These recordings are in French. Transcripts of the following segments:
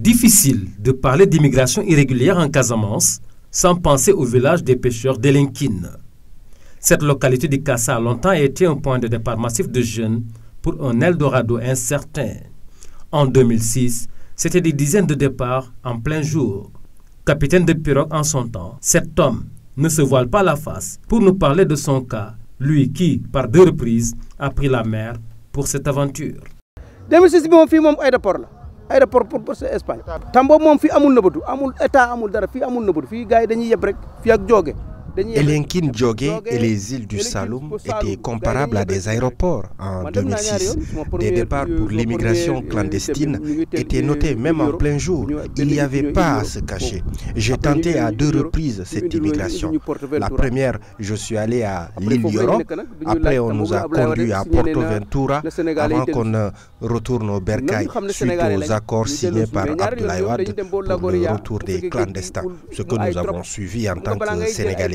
Difficile de parler d'immigration irrégulière en Casamance sans penser au village des pêcheurs d'Elinkine. Cette localité de Kassa a longtemps été un point de départ massif de jeunes pour un Eldorado incertain. En 2006, c'était des dizaines de départs en plein jour. Capitaine de pirogue en son temps, cet homme ne se voile pas la face pour nous parler de son cas, lui qui, par deux reprises, a pris la mer pour cette aventure. aéroport pour pour Espagne. tam boobu moom fii amul nëbatu amul état amul dara fii amul nëbatu fii gars yi dañuy yeb rek fii ak jooge. Elenkin Djogé et les îles du Saloum étaient comparables à des aéroports en 2006. Des départs pour l'immigration clandestine étaient notés même en plein jour. Il n'y avait pas à se cacher. J'ai tenté à deux reprises cette immigration. La première, je suis allé à l'île Yoron. Après, on nous a conduits à Porto Ventura avant qu'on retourne au Berkay suite aux hein. accords signés par Abdoulaye pour le hein. retour des clandestins, ce que nous avons suivi en tant que Sénégalais.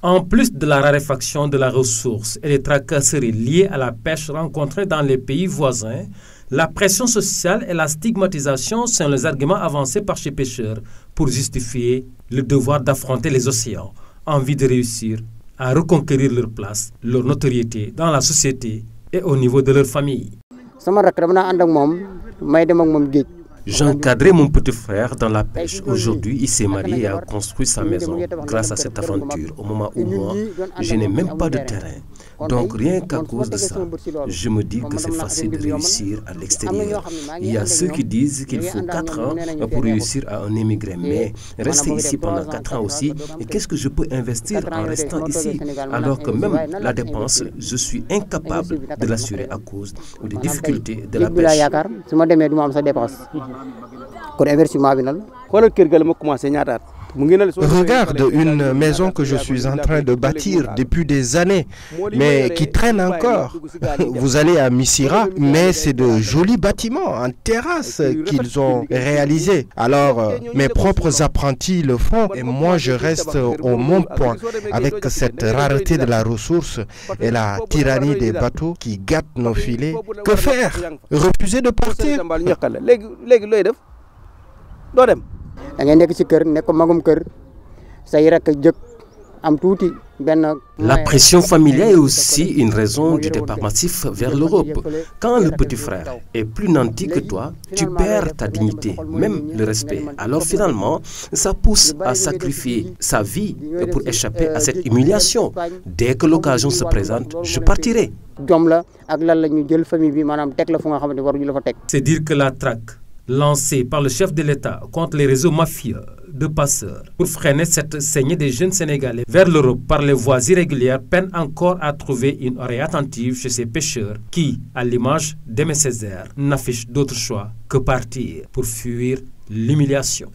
En plus de la raréfaction de la ressource et des tracasseries liées à la pêche rencontrées dans les pays voisins, la pression sociale et la stigmatisation sont les arguments avancés par ces pêcheurs pour justifier le devoir d'affronter les océans en vue de réussir à reconquérir leur place, leur notoriété dans la société et au niveau de leur famille. J'encadrais mon petit frère dans la pêche. Bah, Aujourd'hui, il s'est marié et a construit sa maison grâce à cette aventure. Au moment où moi, je n'ai même pas de terrain. Donc rien qu'à cause de ça, je me dis que c'est facile de réussir à l'extérieur. Il y a ceux qui disent qu'il faut 4 ans pour réussir à un émigrer, mais rester ici pendant 4 ans aussi, qu'est-ce que je peux investir en restant ici alors que même la dépense, je suis incapable de l'assurer à cause des difficultés de la pêche. Regarde une maison que je suis en train de bâtir depuis des années, mais qui traîne encore. Vous allez à Missira, mais c'est de jolis bâtiments en terrasse qu'ils ont réalisés. Alors, mes propres apprentis le font et moi, je reste au mon point avec cette rareté de la ressource et la tyrannie des bateaux qui gâtent nos filets. Que faire Refuser de partir la pression familiale est aussi une raison du départ massif vers l'Europe. Quand le petit frère est plus nanti que toi, tu perds ta dignité, même le respect. Alors finalement, ça pousse à sacrifier sa vie pour échapper à cette humiliation. Dès que l'occasion se présente, je partirai. C'est dire que la traque Lancé par le chef de l'État contre les réseaux mafieux de passeurs pour freiner cette saignée des jeunes Sénégalais vers l'Europe par les voies irrégulières peine encore à trouver une oreille attentive chez ces pêcheurs qui, à l'image d'Aimé Césaire, n'affichent d'autre choix que partir pour fuir l'humiliation.